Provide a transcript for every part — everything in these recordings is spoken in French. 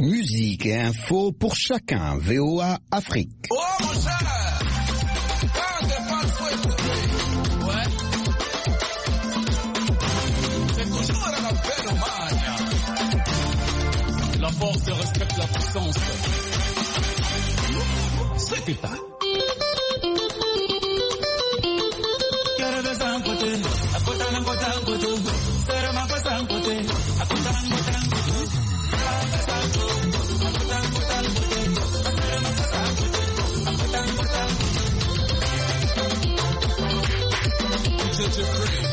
Musique et info pour chacun, VOA Afrique. Oh, mon cher ah, pas de ouais. C'est toujours la belle Magne. La force respecte la puissance. C'est pas Acı free.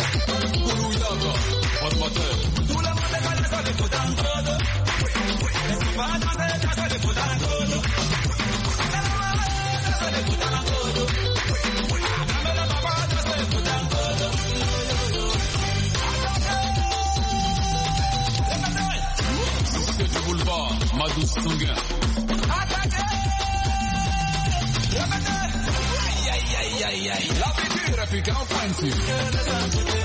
yeah, yeah, yeah. Grafik auf Einzug.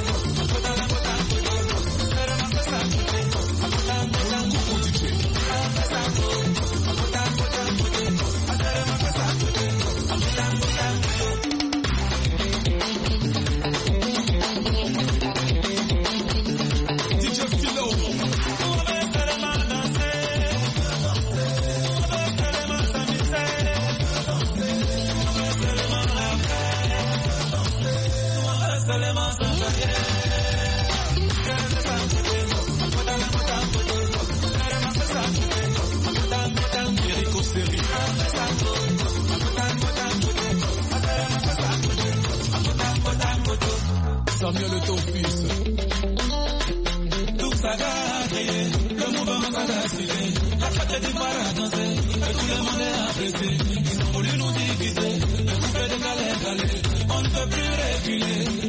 mieux le topus. Tout ça créé, le mouvement ça a signé. La fête à danser, et tout le monde est apprécié. Ils ont voulu nous diviser, le couple de Calais-Calais. On ne peut plus reculer.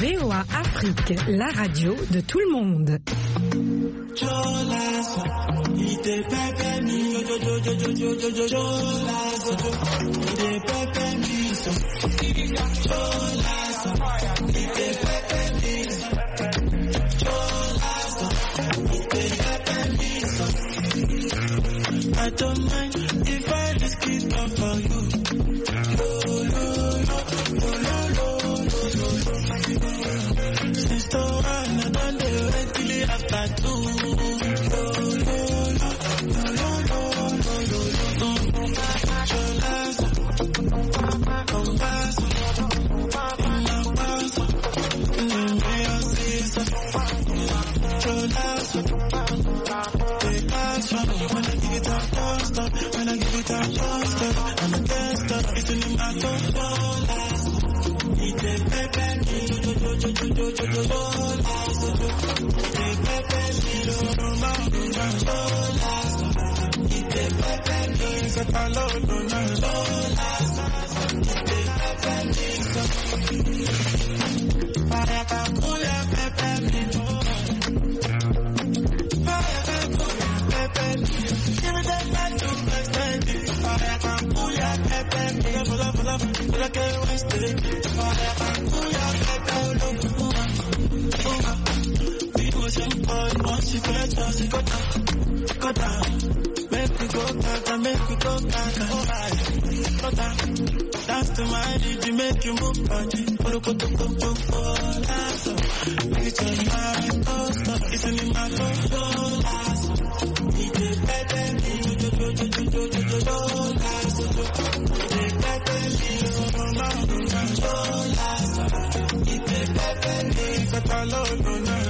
VOA Afrique, la radio de tout le monde. Look at what's the fire, i Cause it go down, go down. Make me go back and make me go back and go Go down. Dance to my DJ, make you move body. Orokotokotokola, so. It's in my torso, it's in my torso, so. DJ, baby, me, do, do, do, do, do, do, do, so. DJ, baby, me, do, DJ,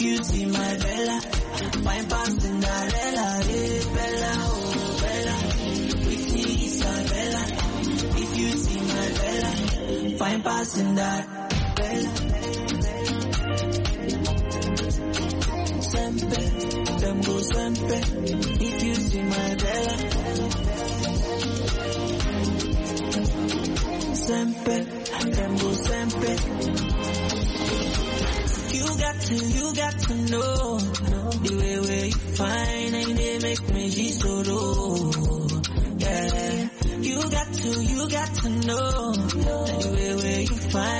beauty, my Bella, my band Cinderella, hey eh, Bella, oh Bella, with me is Bella, if you see my Bella, fine passing that Bella. Sempe, them go sempe, if you see my Bella. Sempe, them go sempe got to, you got to know. The way where you find Ain't they make me G so low. Yeah. You got to, you got to know. The way where you find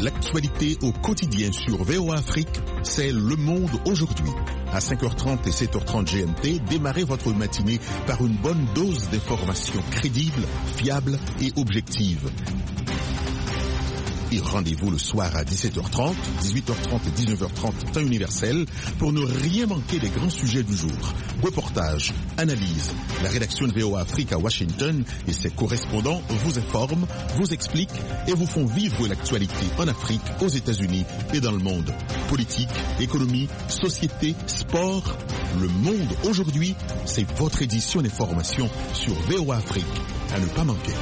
L'actualité au quotidien sur VO Afrique, c'est Le Monde aujourd'hui. À 5h30 et 7h30 GMT, démarrez votre matinée par une bonne dose d'informations crédibles, fiables et objectives. Et rendez-vous le soir à 17h30, 18h30 et 19h30 temps universel pour ne rien manquer des grands sujets du jour. Reportage, analyse, la rédaction de VOA Afrique à Washington et ses correspondants vous informent, vous expliquent et vous font vivre l'actualité en Afrique, aux États-Unis et dans le monde. Politique, économie, société, sport, le monde aujourd'hui, c'est votre édition des formations sur VOA Afrique. À ne pas manquer.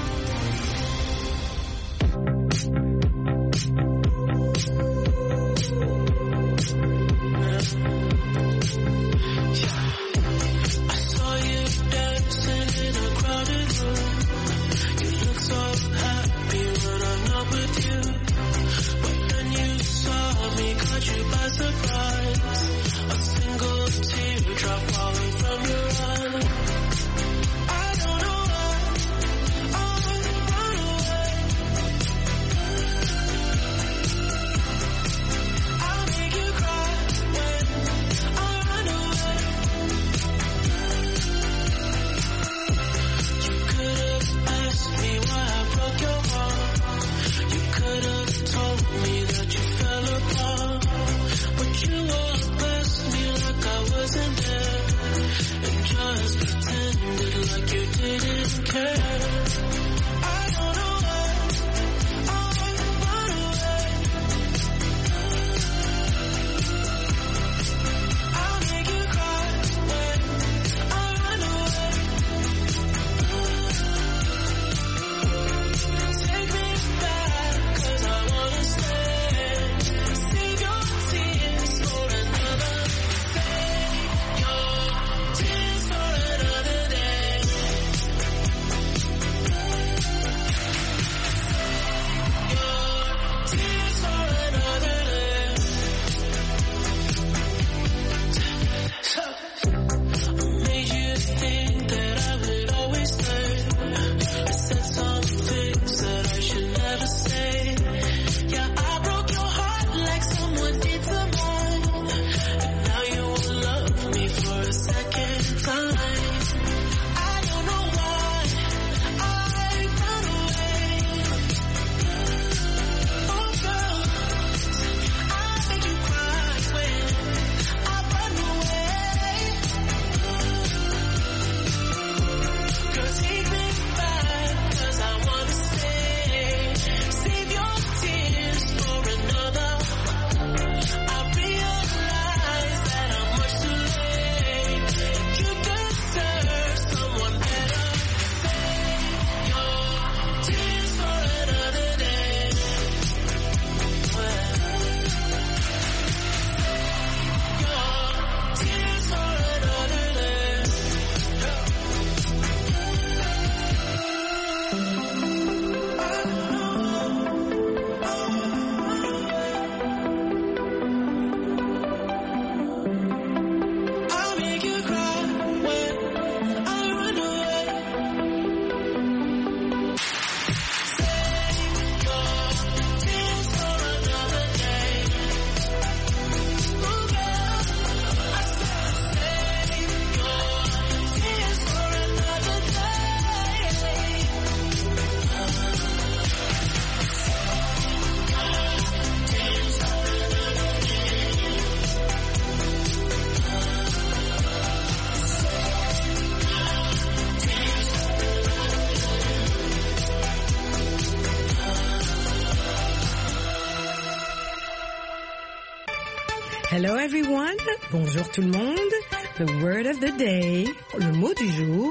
Hello everyone. Bonjour tout le monde. The word of the day. Le mot du jour.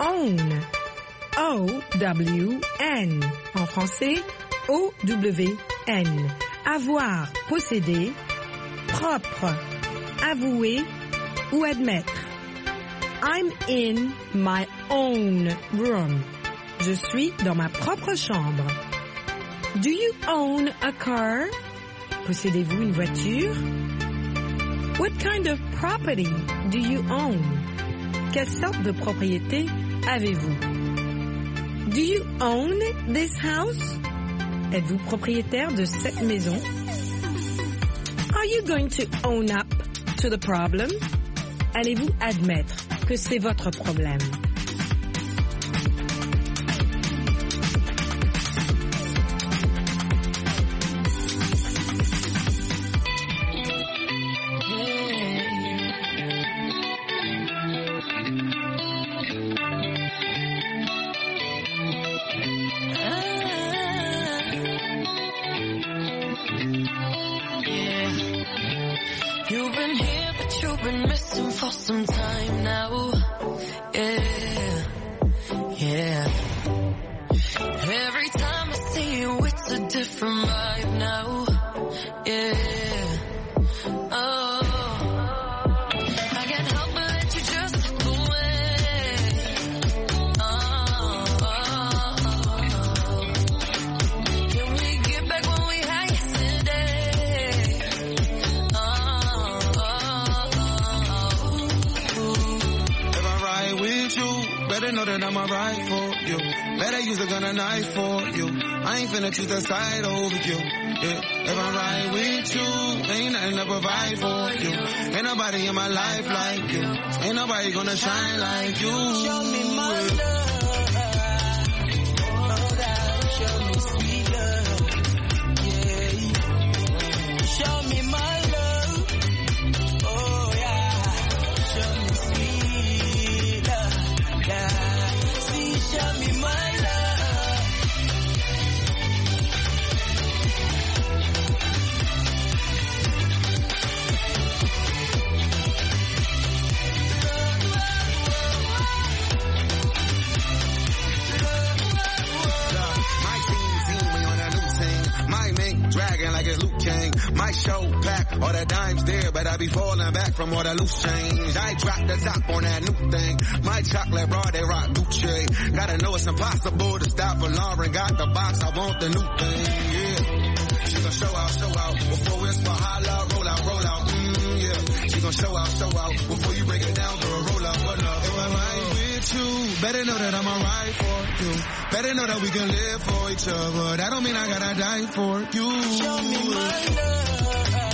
Own. O-W-N. En français, O-W-N. Avoir, posséder, propre, avouer ou admettre. I'm in my own room. Je suis dans ma propre chambre. Do you own a car? Possédez-vous une voiture? What kind of property do you own? Quelle sorte de propriété avez-vous? Do you own this house? Êtes-vous propriétaire de cette maison? Are you going to own up to the problem? Allez-vous admettre que c'est votre problème? gonna knife for you. I ain't finna choose a side over you. Yeah. If I'm right with you, ain't nothing to provide for you. Ain't nobody in my life like you. Ain't nobody gonna shine like you. Show me my love. might show pack all the dimes there, but I be falling back from all the loose change. I drop the top on that new thing. My chocolate bar, they rock Gucci. Gotta know it's impossible to stop a Lauren. Got the box, I want the new thing. Yeah, she gon' show out, show out before it's for holla, roll out, roll out. Mm, yeah, she gon' show out, show out before you you. Better know that I'm alright for you. Better know that we can live for each other. That don't mean I gotta die for you. Show me my love.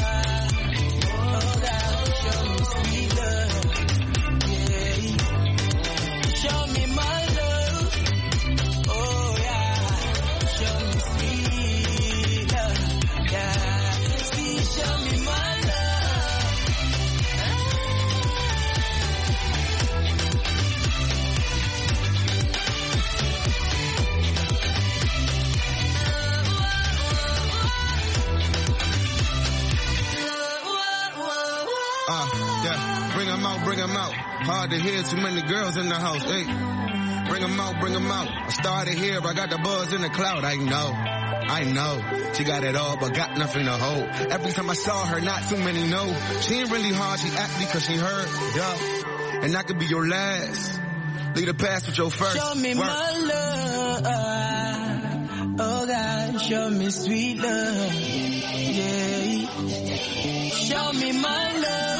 Uh, yeah, bring them out, bring them out. Hard to hear too many girls in the house, hey. Eh? Bring them out, bring them out. I started here, but I got the buzz in the cloud, I know. I know, she got it all but got nothing to hold. Every time I saw her, not too many know. She ain't really hard, she act because she hurt, yeah. And I could be your last. Leave the past with your first. Show me Work. my love. Oh God, show me sweet love. Yeah. Show me my love.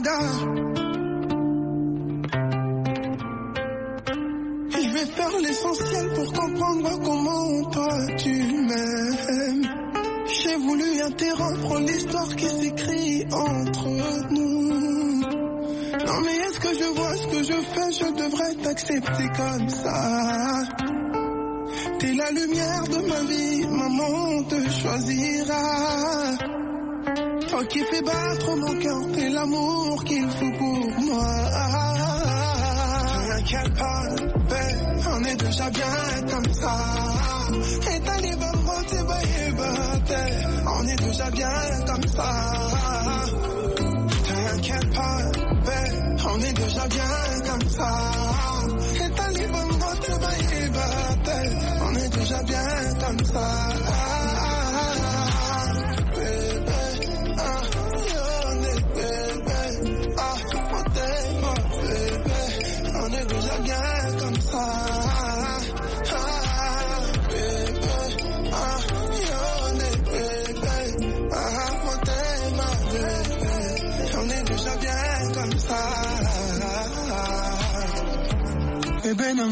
Je vais faire l'essentiel pour comprendre comment toi tu m'aimes. J'ai voulu interrompre l'histoire qui s'écrit entre nous. Non mais est-ce que je vois ce que je fais Je devrais t'accepter comme ça. T'es la lumière de ma vie, maman te choisira. Toi qui fais battre mon cœur et l'amour qu'il faut pour moi. T'inquiète pas, ben, on est déjà bien comme ça. Et t'as les on est déjà bien comme ça. T'inquiète pas, ben, on est déjà bien comme ça. Et t'as les bonnes on est déjà bien comme ça.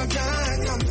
your gang.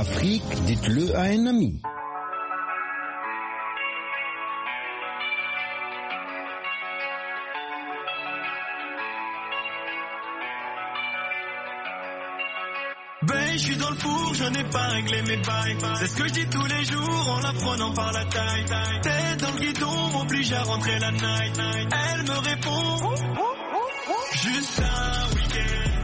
Afrique, dites-le à un ami. pour, je n'ai pas réglé mes bails. C'est ce que je dis tous les jours en la prenant par la taille. Tête dans le guidon, m'oblige à rentrer la night. Elle me répond, juste un week-end.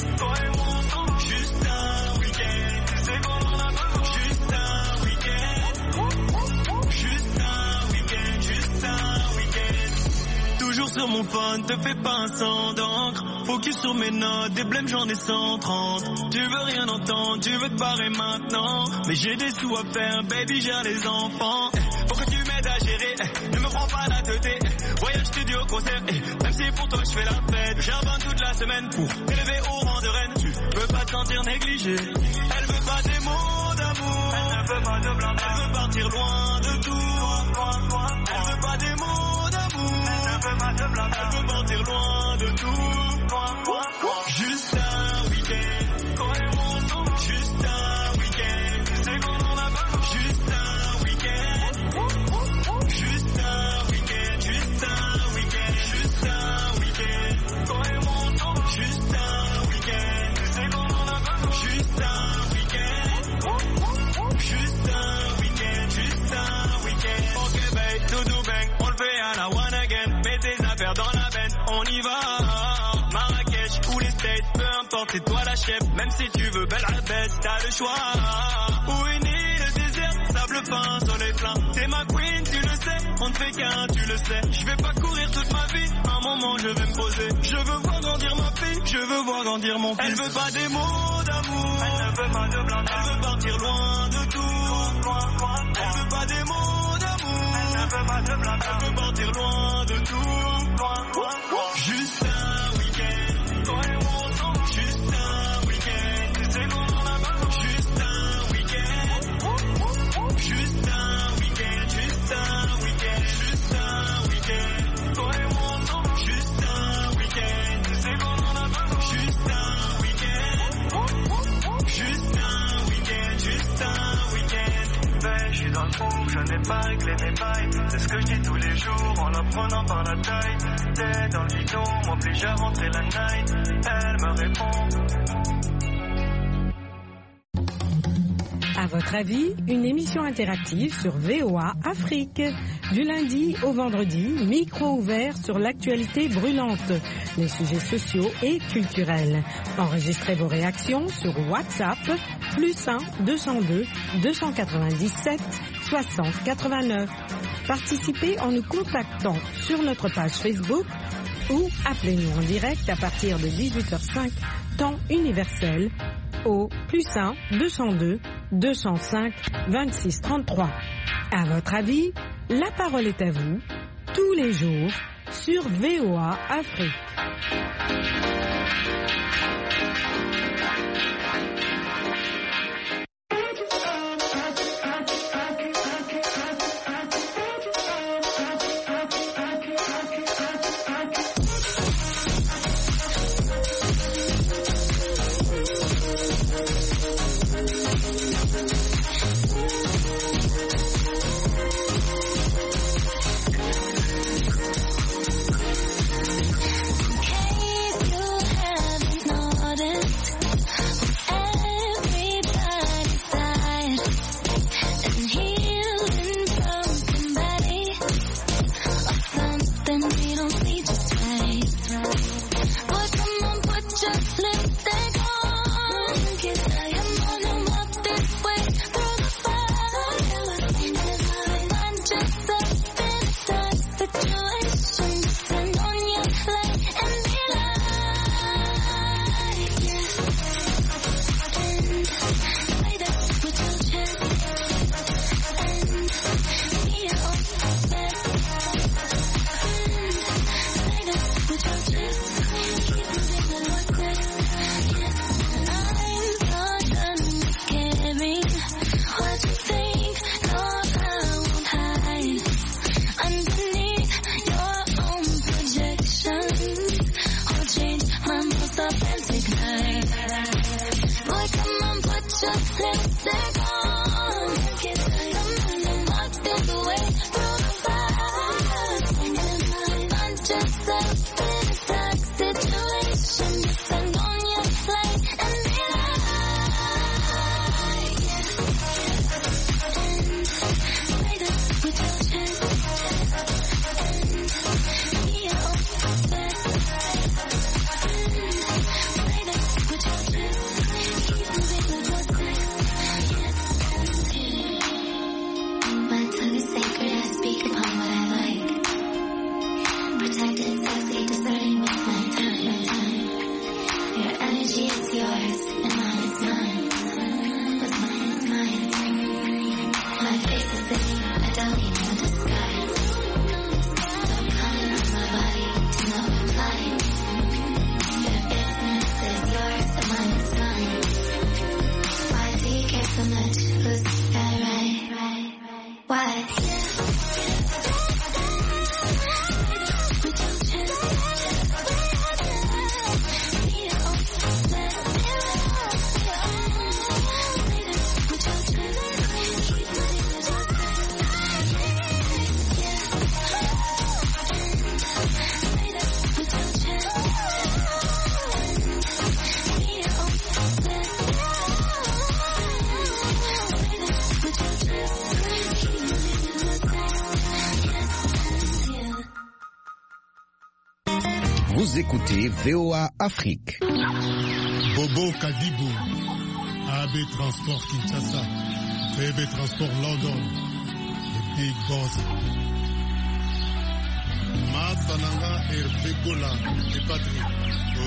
sur mon phone, te fais pas un sang d'encre. Focus sur mes notes, des blèmes j'en ai 130. Tu veux rien entendre, tu veux te barrer maintenant. Mais j'ai des sous à faire, baby, j'ai les enfants. que tu m'aides à gérer eh, Ne me prends pas la teuté. Eh. Voyage studio concert, eh. même si pour toi je fais la fête. J'abonne toute la semaine pour t'élever au rang de reine. Tu veux pas te sentir négligé. Elle veut pas des mots d'amour. Elle veut pas de blâme. Elle veut partir loin de tout blabla. Elle veut partir loin de tout. Loin, loin. on y va. Marrakech ou les States, peu importe, c'est toi la chef. Même si tu veux belle rabaisse, t'as le choix. Où est né le désert, sable fin, soleil plein. T'es ma queen, tu le sais, on ne fait qu'un, tu le sais. Je vais pas courir toute ma vie, un moment je vais me poser. Je veux voir grandir ma fille, je veux voir grandir mon fils. Elle veut pas des mots d'amour, elle ne veut pas de blanc. Elle veut partir loin de tout. Loin, Elle veut pas des mots veux pas te blâmer. Elle veut partir loin de tout, loin, loin, loin. Juste un ce que tous les jours en par la taille. dans le à la Elle me répond. À votre avis, une émission interactive sur VOA Afrique. Du lundi au vendredi, micro ouvert sur l'actualité brûlante, les sujets sociaux et culturels. Enregistrez vos réactions sur WhatsApp plus 1 202 297 60 89. Participez en nous contactant sur notre page Facebook ou appelez-nous en direct à partir de 18h05 temps universel au plus 1 202 205 26 33. À votre avis, la parole est à vous tous les jours sur VOA Afrique. VOA Afrique. Bobo Kadibou AB Transport Kinshasa, bébé Transport London, Big Boss. Mazananga Hervegola et Patrick,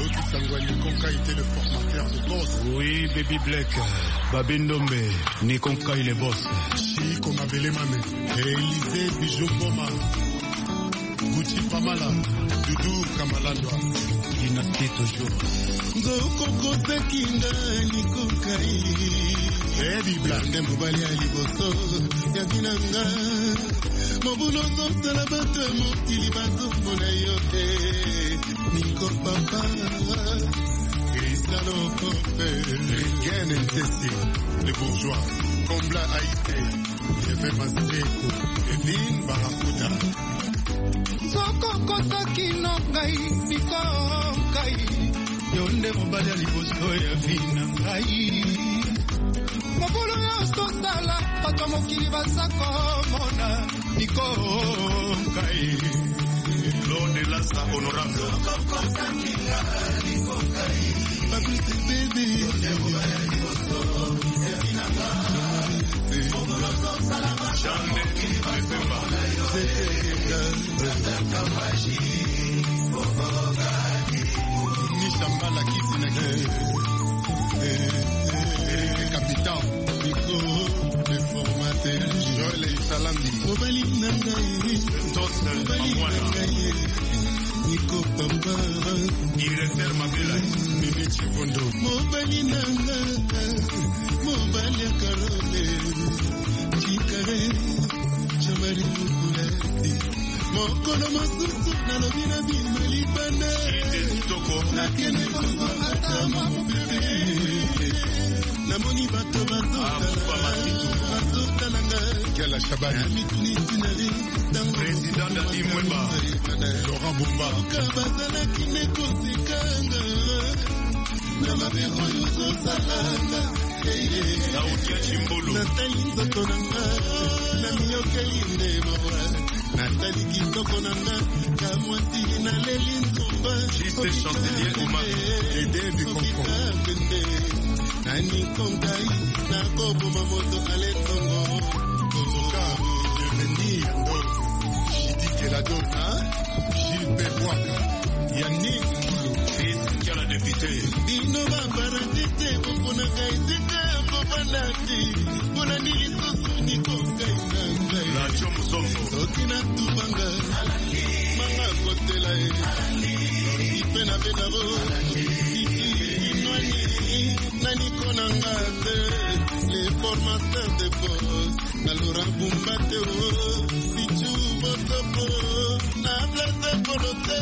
Oki qui Konka était le formateur de boss. Oui, Baby Black, ni Konka il est boss. Chico Mabele Mame, Élisée Bijou Boma, Gucci Pamala, Doudou Kamalandoa. na te toujours nzokokotaki nga likuka ye eh, biblande mobali ya liboso yaki na nga mobulu nzosala bato ya mokili bazombo na yo te niko papa cristalo pope ringen ntesi le bourgeois combla haïté jefe maseko elin barakuta sokokotaki no ngai bikokai yo nde mobali ya liboso ya vi na ngai mokolo nyonso tosala bato mokili baza komona bikokai lonelasa honorable Fabrice Bébé Jean-Denis nishambala kisineke kapitan mikro reformateur joel eisalambi mobali na ngai mobali na ngai niko pamba directeur mabela mimi chivondo mobali na nga mobali ya karole cikare nyonso balikukulae mokolo mosusu nalobi na bino libanda nakende bongo ata mopepe namoni bato bazotala ah, mitunisi na estangoka bazalaki nekosekanga na mabe oyo ozosalanga nautia chimbulu natali nzoto na nga na miyokeli nde mawa natali kitoko na nga kamwatili naleli nzumba okita pende nanikongai nakoboma moto aletongo Gilbert Waka, Yannick député inoba barate te koponaka ezete kobanaki ponani lisusu nikokaisa ngai natubanga manga kotela ye ipe na benaro inwani naniko nanga te le formateur de bos na lora bumba te o situ botopo na place polo te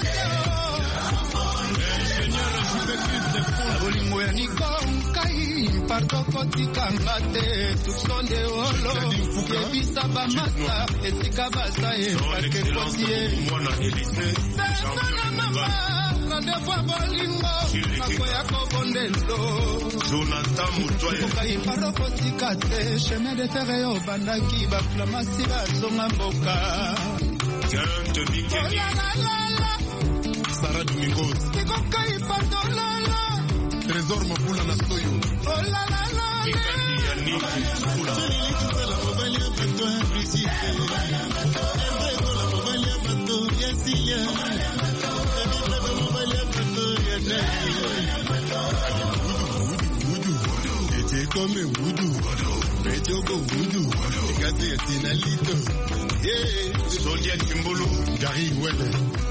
bolingo ya nikonkai pardo kotikanga te tuksonde olo yebisa bamasa esika baza ebakekotie betona mama randevo ya bolingo makoya kobondelo pardo kotika te chemin de fere yo obandaki baflamasi bazonga mboka Sarah Domingos. dormo kula na studio. Oh la la la. Come wudu, wudu wudu, ikate tinalito, yeah. Soldier Kimbulu, Gary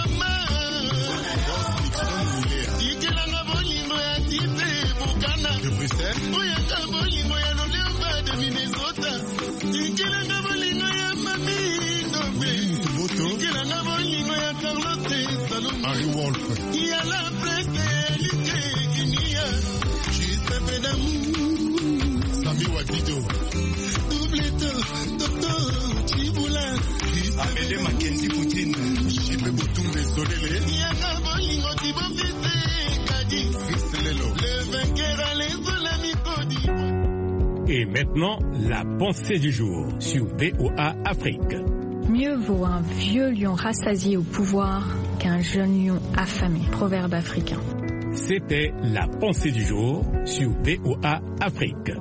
Harry Wolf. Mackenzie Poutine. Et maintenant, la pensée du jour sur VOA Afrique. Mieux vaut un vieux lion rassasié au pouvoir qu'un jeune lion affamé. Proverbe africain. C'était la pensée du jour sur VOA Afrique.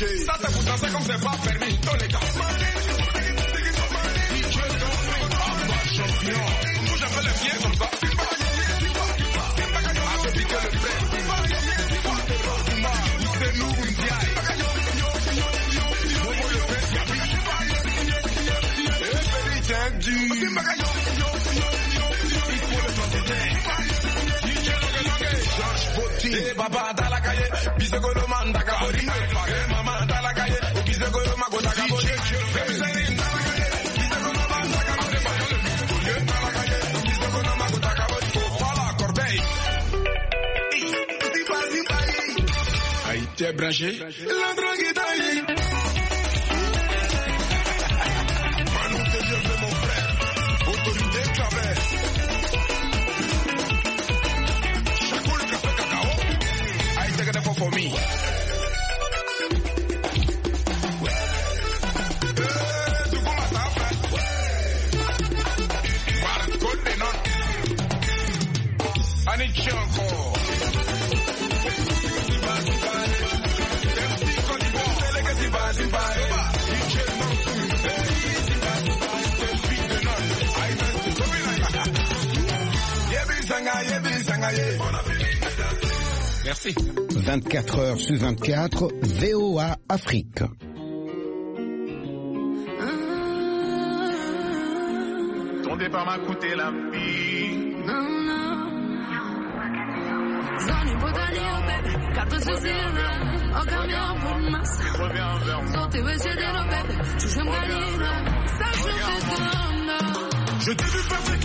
Sasa kutazeka mzee pa permis, toleka. Maneno J'ai L'endroit Merci. 24 heures sur 24, VOA Afrique. Ton départ m'a coûté la vie. Non, non. Zoni potani oh, bébé, kato susilo, o camion pour mas. Sortez ouais j'ai des bébé, tu joues ma ligne, ça je te donne. Je t'ai vu passer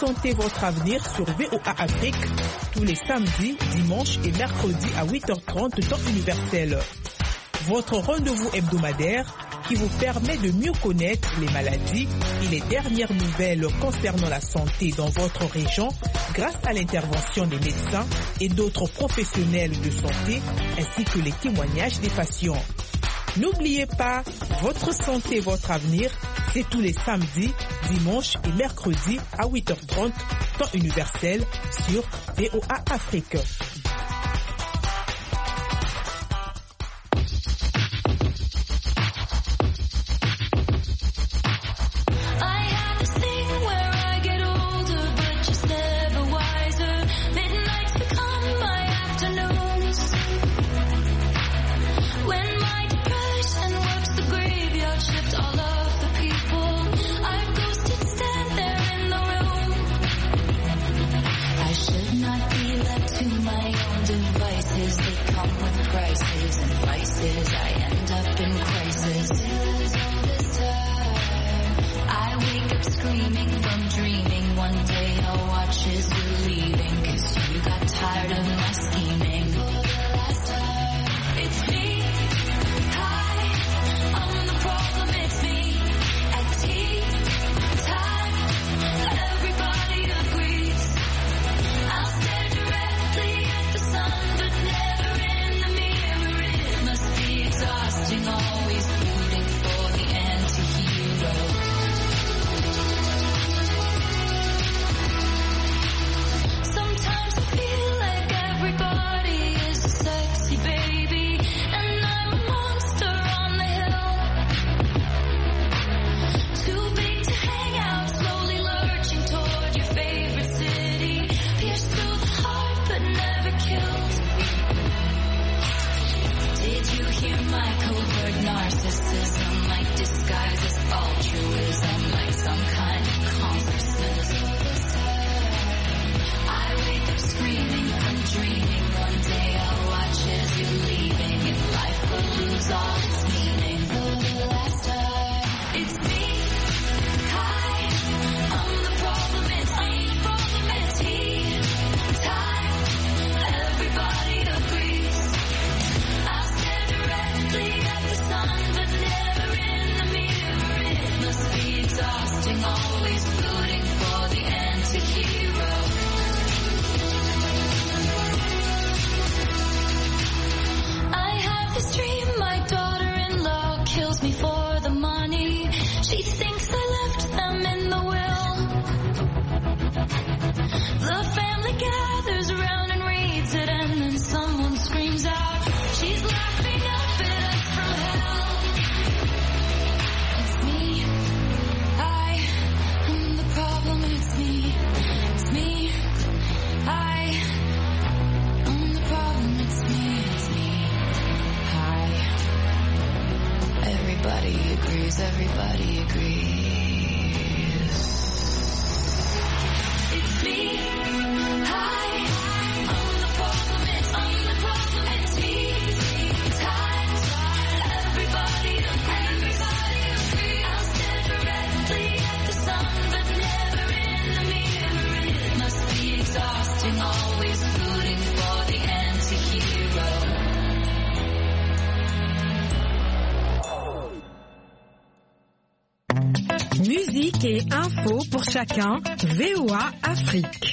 Santé votre avenir sur VOA Afrique tous les samedis, dimanches et mercredis à 8h30 temps universel. Votre rendez-vous hebdomadaire qui vous permet de mieux connaître les maladies et les dernières nouvelles concernant la santé dans votre région grâce à l'intervention des médecins et d'autres professionnels de santé ainsi que les témoignages des patients. N'oubliez pas, votre santé, votre avenir, et tous les samedis, dimanches et mercredis à 8h30, temps universel sur VOA Afrique. Chacun, VOA Afrique.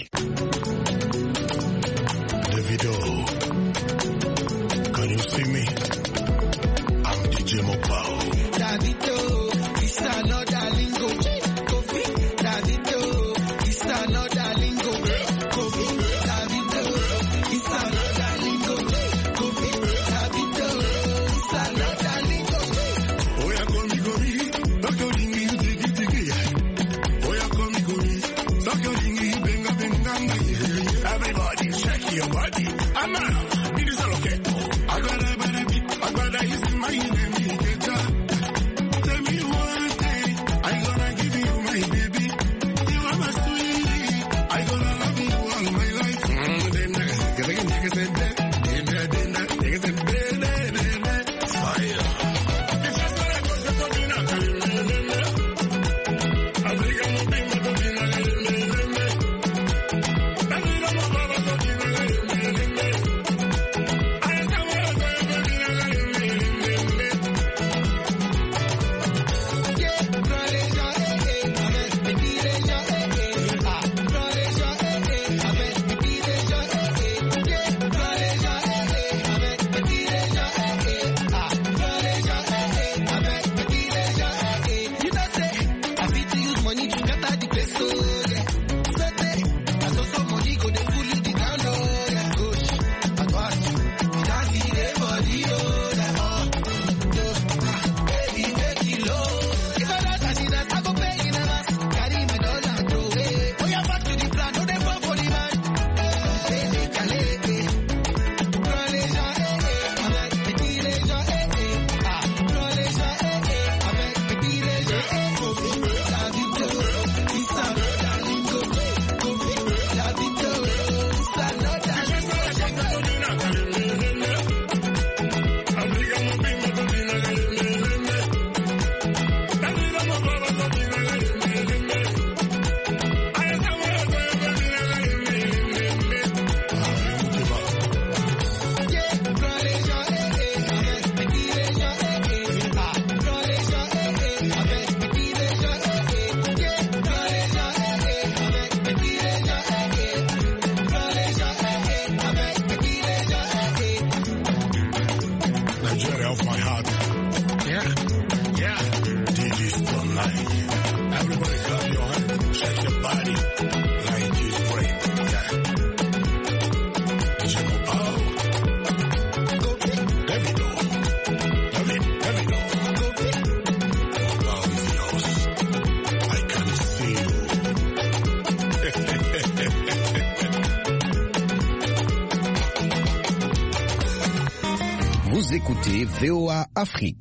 VOA Afrique.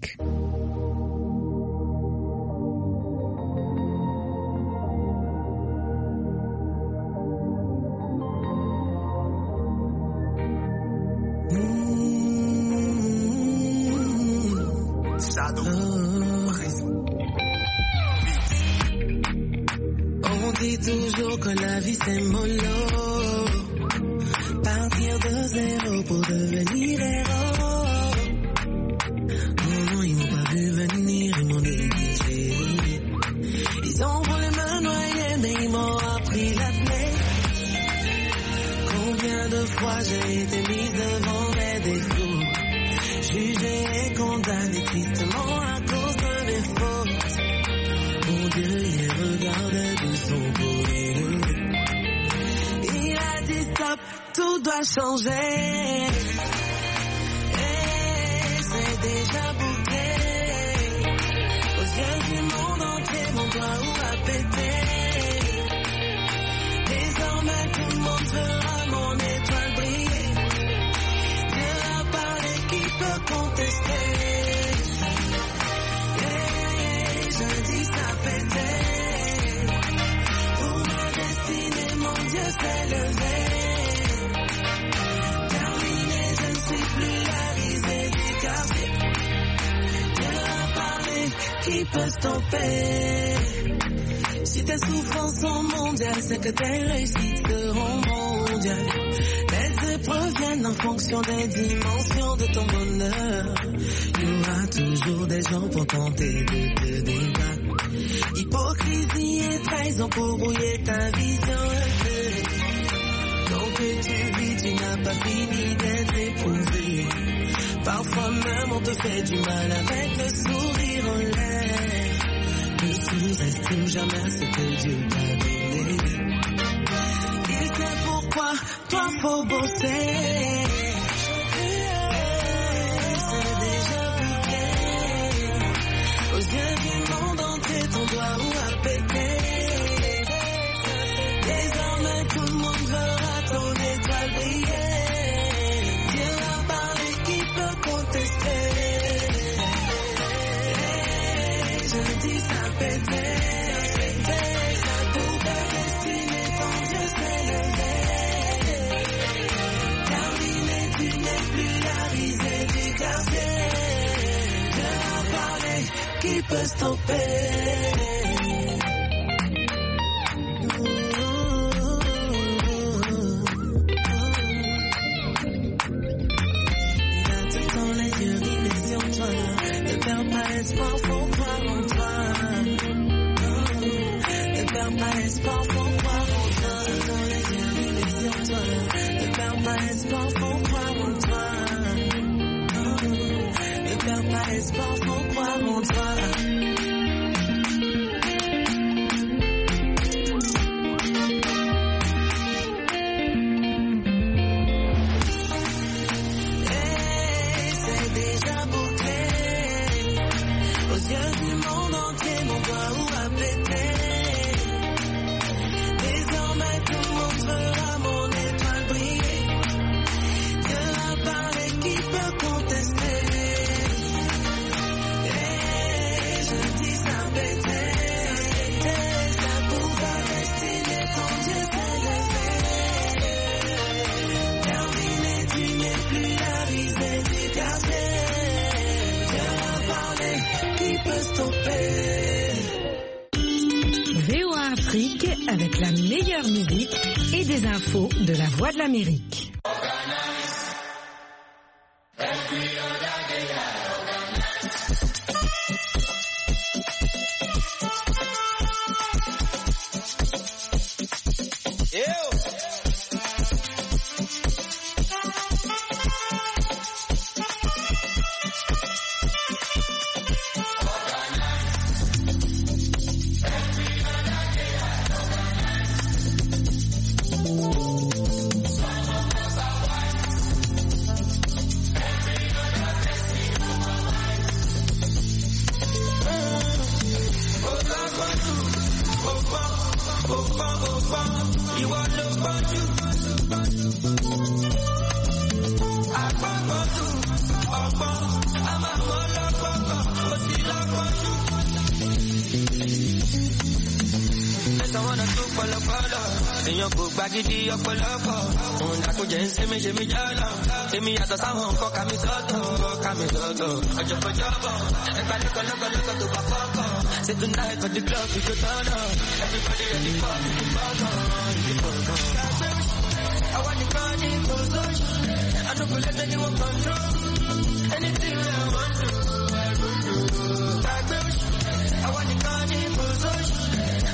Deja vu. Si tes souffrances sont mondiales, c'est que tes réussites seront mondiales. Tes épreuves viennent en fonction des dimensions de ton bonheur. Il y aura toujours des gens pour tenter de te débattre. Hypocrisie et trahison pour brouiller ta vision. Donc que tu vis, tu n'as pas fini d'être épousé. Parfois même on te fait du mal avec le sourire en l'air. Ne sous-estime jamais ce que Dieu t'a donné. Il sait pourquoi toi faut bosser. aux yeux du monde entier, ton doigt ou à péter. keep us no gbọ́ gbọ́ gbọ́ ìwọ ló gbọ́ èèyàn kò gbagidi ọ̀pọ̀lọpọ̀ òun dàkúnjẹ ń ṣe méje méje èmi yàtọ̀ sáwọn nǹkan kàmi sọ́tọ̀ kàmi sọ́tọ̀ ọ̀jọ̀pọ̀jọ̀bọ̀ ẹgbà lọ́kọ̀ lọ́kọ̀ lọ́kọ̀ tó bá fọ́kọ̀ ṣe náà ẹ̀kọ́ di club ìgò tọ́nà everybody ready for me to fọ́kọ̀ ìdìbọ̀kọ̀. àwọn nìkan ní kò sóṣù àdókòlẹ́tẹ̀ ni wọ́n control anything I want to ẹ̀rù dùn. àwọn nìkan ní kò sóṣù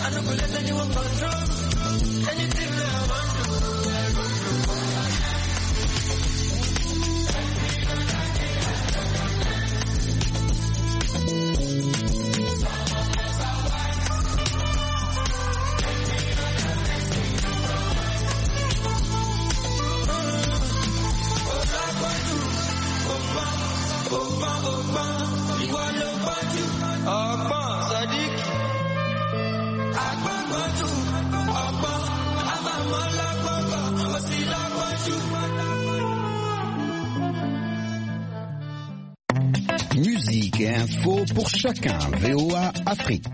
àdókòlẹ́tẹ̀ ni wọ́n control. info pour chacun. VOA Afrique.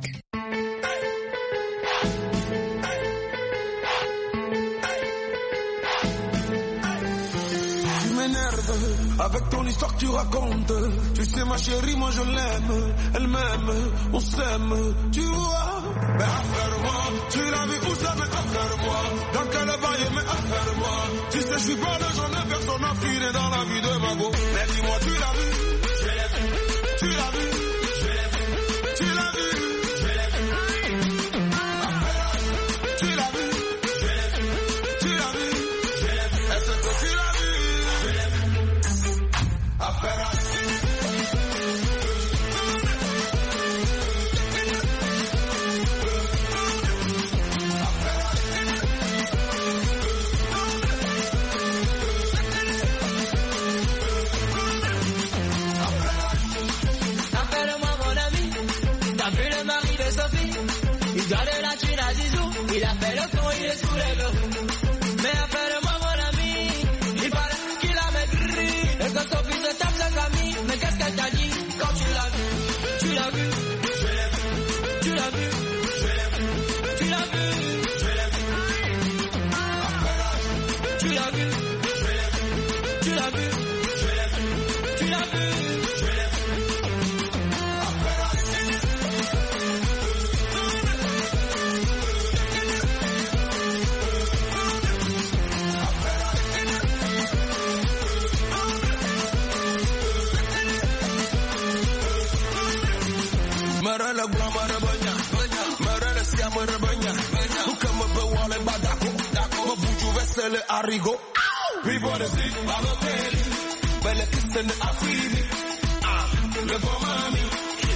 Tu m'énerves Avec ton histoire que tu racontes, tu sais ma chérie, moi je l'aime, elle m'aime, on s'aime, tu vois. Mais affaire-moi, tu l'as vu où ça, mais affaire-moi, dans quel bail, mais affaire-moi, tu sais je suis bon. Arrigo. Ow! We wanna see Balotelli. Bella Piston Afridi. Ah, le bon mami.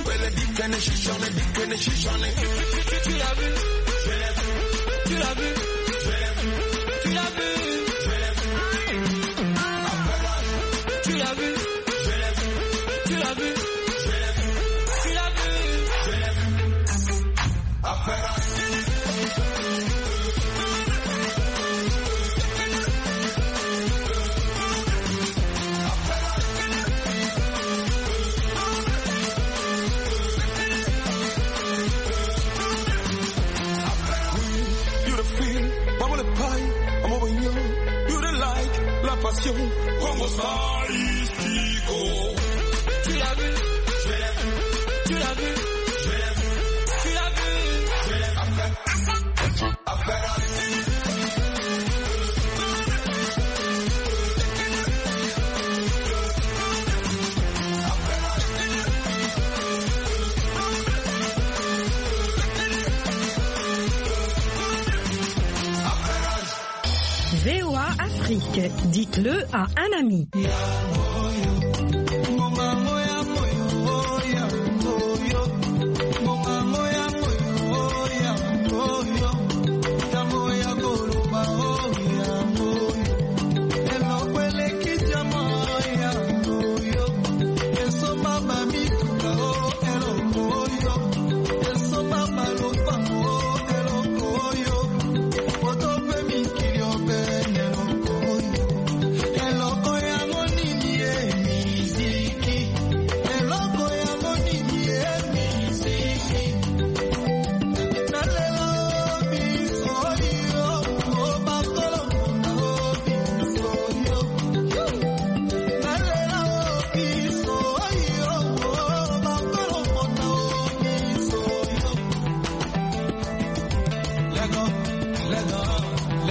Bella Dickene, Shishone, Dickene, Shishone. Tu l'as vu? Je l'ai vu. Tu l'as vu? Je l'ai vu. Tu l'as vu? Je l'ai vu. tu l'as vu? Je l'ai vu. Tu l'as vu? Je l'ai vu. Tu l'as vu? Je l'ai vu. Après là, pasión como dites-le à un ami.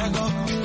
go.